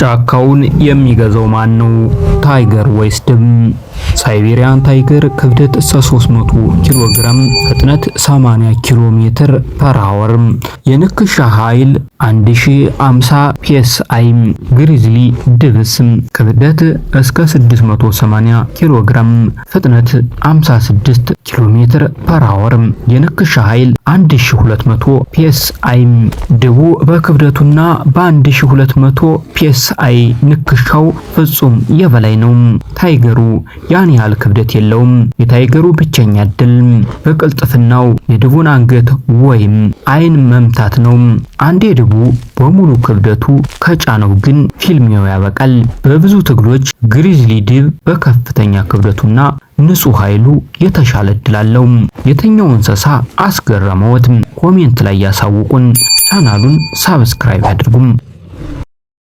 ጫካውን የሚገዛው ማን ነው? ታይገር ወይስ ድብ? ሳይቤሪያን ታይገር ክብደት እስከ 300 ኪሎ ግራም፣ ፍጥነት 80 ኪሎ ሜትር ፐር አወር፣ የንክሻ ኃይል 1050 ፒኤስአይ፣ ግሪዝሊ ድብስ ክብደት እስከ 680 ኪሎ ግራም፣ ፍጥነት 56 ኪሎ ሜትር ፐር አወር፣ የንክሻ ኃይል 1200 ፒኤስአይ። ድቡ በክብደቱና በ1200 ፒኤስአይ ንክሻው ፍጹም የበላይ ነው። ታይገሩ ያን ያህል ክብደት የለውም። የታይገሩ ብቸኛ እድል በቅልጥፍናው የድቡን አንገት ወይም አይን መምታት ነው። አንዴ ድቡ በሙሉ ክብደቱ ከጫነው ግን ፊልሚው ያበቃል። በብዙ ትግሎች ግሪዝሊ ድብ በከፍተኛ ክብደቱና ንጹህ ኃይሉ የተሻለ እድል አለው። የትኛው እንስሳ አስገረመዎት? ኮሜንት ላይ ያሳውቁን። ቻናሉን ሳብስክራይብ አድርጉም።